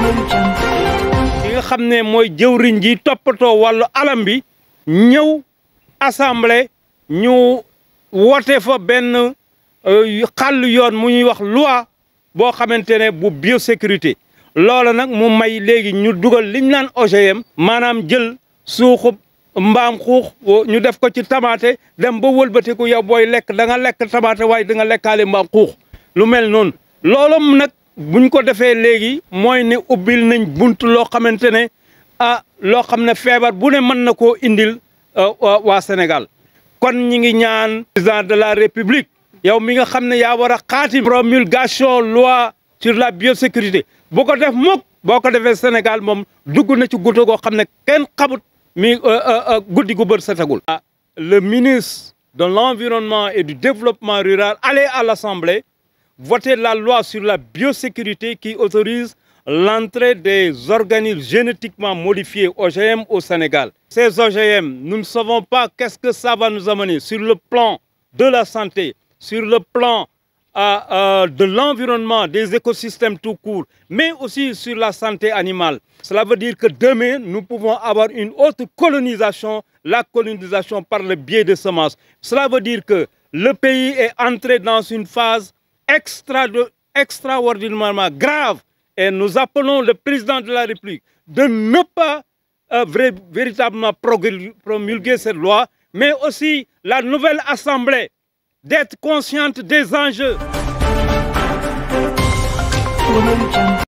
li xam ne mooy jëwriñ ji toppatoo wàllu alam bi ñëw assemblée ñu woote fa benn euh, xàll yoon mu ñuy wax loi boo xamante ne bu biosécurité loola nag mu may léegi ñu dugal liñ naan OGM maanaam jël suuxub mbaam xuux ñu def ko ci tamaate dem ba wëlbatiku yow booy lekk da nga lekk tamaate waaye da lekkaale mbaam xuux lu mel noonu loolu nag buñ ko défé légui moy ne ubbil nañ buntu lo xamantene ah lo xamné fièvre bu né mën nako indil euh, wa Sénégal kon ñi ngi ñaan président de la République yow mi nga xamné ya wara khatim promulgation loi sur la biosécurité bu ko def mok boko défé Sénégal mom dugg na ci guddo go xamné ne kenn xamut mi euh, euh, guddi gu bër setagul ah, le ministre de l'environnement et du développement rural allez à l'Assemblée voter la loi sur la biosécurité qui autorise l'entrée des organismes génétiquement modifiés OGM au Sénégal. Ces OGM, nous ne savons pas qu'est-ce que ça va nous amener sur le plan de la santé, sur le plan euh, euh, de l'environnement, des écosystèmes tout court, mais aussi sur la santé animale. Cela veut dire que demain, nous pouvons avoir une autre colonisation, la colonisation par le biais des semences. Cela veut dire que le pays est entré dans une phase extraordinairement grave. Et nous appelons le président de la République de ne pas euh, véritablement promulguer cette loi, mais aussi la nouvelle Assemblée d'être consciente des enjeux.